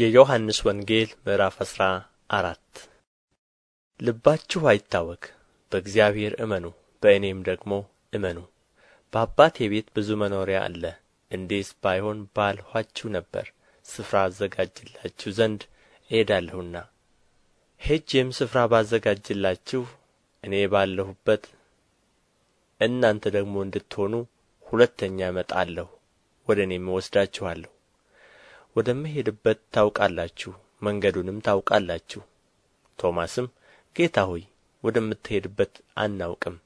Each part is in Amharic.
የዮሐንስ ወንጌል ምዕራፍ አስራ አራት ልባችሁ አይታወክ፣ በእግዚአብሔር እመኑ፣ በእኔም ደግሞ እመኑ። በአባቴ ቤት ብዙ መኖሪያ አለ። እንዲህስ ባይሆን ባልኋችሁ ነበር፣ ስፍራ አዘጋጅላችሁ ዘንድ እሄዳለሁና። ሄጄም ስፍራ ባዘጋጅላችሁ፣ እኔ ባለሁበት እናንተ ደግሞ እንድትሆኑ ሁለተኛ እመጣለሁ፣ ወደ እኔም እወስዳችኋለሁ ወደምሄድበት ታውቃላችሁ፣ መንገዱንም ታውቃላችሁ። ቶማስም ጌታ ሆይ ወደምትሄድበት አናውቅም፣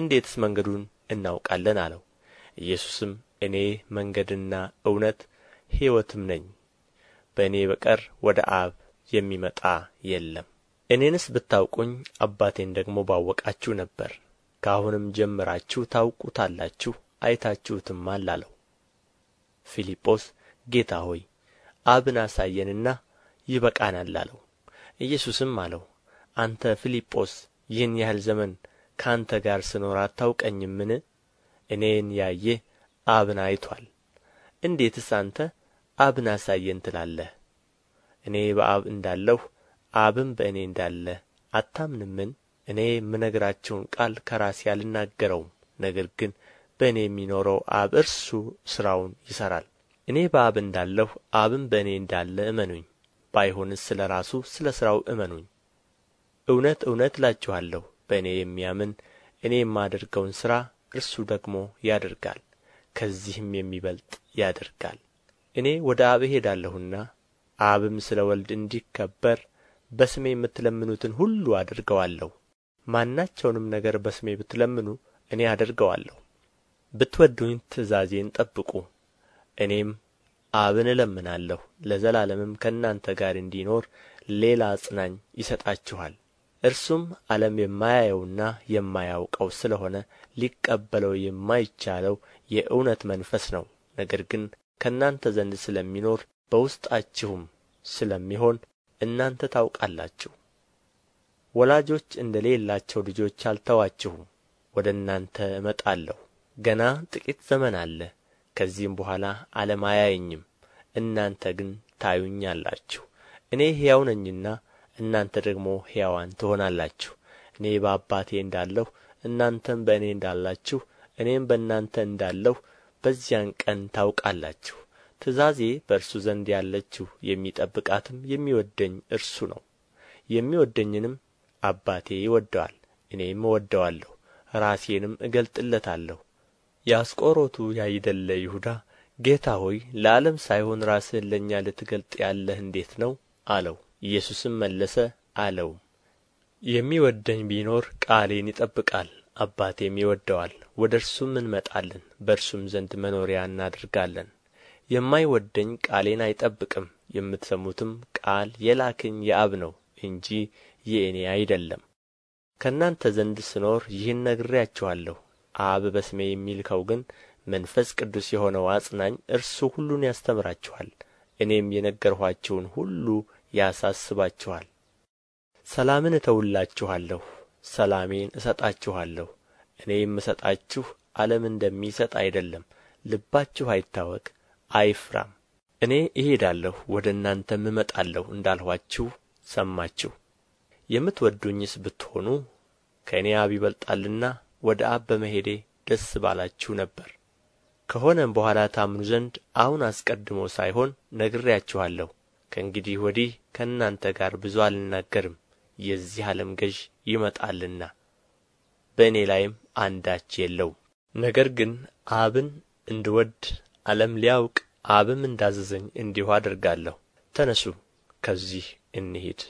እንዴትስ መንገዱን እናውቃለን አለው። ኢየሱስም እኔ መንገድና እውነት ሕይወትም ነኝ፣ በእኔ በቀር ወደ አብ የሚመጣ የለም። እኔንስ ብታውቁኝ አባቴን ደግሞ ባወቃችሁ ነበር። ከአሁንም ጀምራችሁ ታውቁታላችሁ፣ አይታችሁትም አላለው። ፊልጶስ ጌታ ሆይ አብን አሳየንና ይበቃናል አለው ኢየሱስም አለው አንተ ፊልጶስ ይህን ያህል ዘመን ከአንተ ጋር ስኖር አታውቀኝምን እኔን ያየ አብን አይቶአል እንዴትስ አንተ አብን አሳየን ትላለህ እኔ በአብ እንዳለሁ አብም በእኔ እንዳለ አታምንምን እኔ የምነግራችሁን ቃል ከራሴ አልናገረውም ነገር ግን በእኔ የሚኖረው አብ እርሱ ሥራውን ይሠራል እኔ በአብ እንዳለሁ አብም በእኔ እንዳለ እመኑኝ ባይሆንስ ስለ ራሱ ስለ ሥራው እመኑኝ እውነት እውነት እላችኋለሁ በእኔ የሚያምን እኔ የማደርገውን ሥራ እርሱ ደግሞ ያደርጋል ከዚህም የሚበልጥ ያደርጋል እኔ ወደ አብ እሄዳለሁና አብም ስለ ወልድ እንዲከበር በስሜ የምትለምኑትን ሁሉ አድርገዋለሁ ማናቸውንም ነገር በስሜ ብትለምኑ እኔ አደርገዋለሁ። ብትወዱኝ ትእዛዜን ጠብቁ። እኔም አብን እለምናለሁ ለዘላለምም ከእናንተ ጋር እንዲኖር ሌላ አጽናኝ ይሰጣችኋል እርሱም ዓለም የማያየውና የማያውቀው ስለ ሆነ ሊቀበለው የማይቻለው የእውነት መንፈስ ነው ነገር ግን ከእናንተ ዘንድ ስለሚኖር በውስጣችሁም ስለሚሆን እናንተ ታውቃላችሁ ወላጆች እንደሌላቸው ልጆች አልተዋችሁም ወደ እናንተ እመጣለሁ ገና ጥቂት ዘመን አለ ከዚህም በኋላ ዓለም አያየኝም እናንተ ግን ታዩኛላችሁ እኔ ሕያው ነኝና እናንተ ደግሞ ሕያዋን ትሆናላችሁ እኔ በአባቴ እንዳለሁ እናንተም በእኔ እንዳላችሁ እኔም በእናንተ እንዳለሁ በዚያን ቀን ታውቃላችሁ ትእዛዜ በእርሱ ዘንድ ያለችው የሚጠብቃትም የሚወደኝ እርሱ ነው የሚወደኝንም አባቴ ይወደዋል እኔም እወደዋለሁ ራሴንም እገልጥለታለሁ የአስቆሮቱ ያይደለ ይሁዳ ጌታ ሆይ ለዓለም ሳይሆን ራስህን ለእኛ ልትገልጥ ያለህ እንዴት ነው አለው ኢየሱስም መለሰ አለውም የሚወደኝ ቢኖር ቃሌን ይጠብቃል አባቴም ይወደዋል ወደ እርሱም እንመጣለን በእርሱም ዘንድ መኖሪያ እናደርጋለን የማይወደኝ ቃሌን አይጠብቅም የምትሰሙትም ቃል የላክኝ የአብ ነው እንጂ የእኔ አይደለም ከእናንተ ዘንድ ስኖር ይህን ነግሬያችኋለሁ አብ በስሜ የሚልከው ግን መንፈስ ቅዱስ የሆነው አጽናኝ እርሱ ሁሉን ያስተምራችኋል፣ እኔም የነገርኋችሁን ሁሉ ያሳስባችኋል። ሰላምን እተውላችኋለሁ፣ ሰላሜን እሰጣችኋለሁ። እኔ የምሰጣችሁ ዓለም እንደሚሰጥ አይደለም። ልባችሁ አይታወክ አይፍራም። እኔ እሄዳለሁ ወደ እናንተም እመጣለሁ እንዳልኋችሁ ሰማችሁ። የምትወዱኝስ ብትሆኑ ከእኔ አብ ይበልጣልና ወደ አብ በመሄዴ ደስ ባላችሁ ነበር። ከሆነም በኋላ ታምኑ ዘንድ አሁን አስቀድሞ ሳይሆን ነግሬያችኋለሁ። ከእንግዲህ ወዲህ ከእናንተ ጋር ብዙ አልናገርም፣ የዚህ ዓለም ገዥ ይመጣልና በእኔ ላይም አንዳች የለውም። ነገር ግን አብን እንድወድ ዓለም ሊያውቅ አብም እንዳዘዘኝ እንዲሁ አደርጋለሁ። ተነሱ፣ ከዚህ እንሂድ።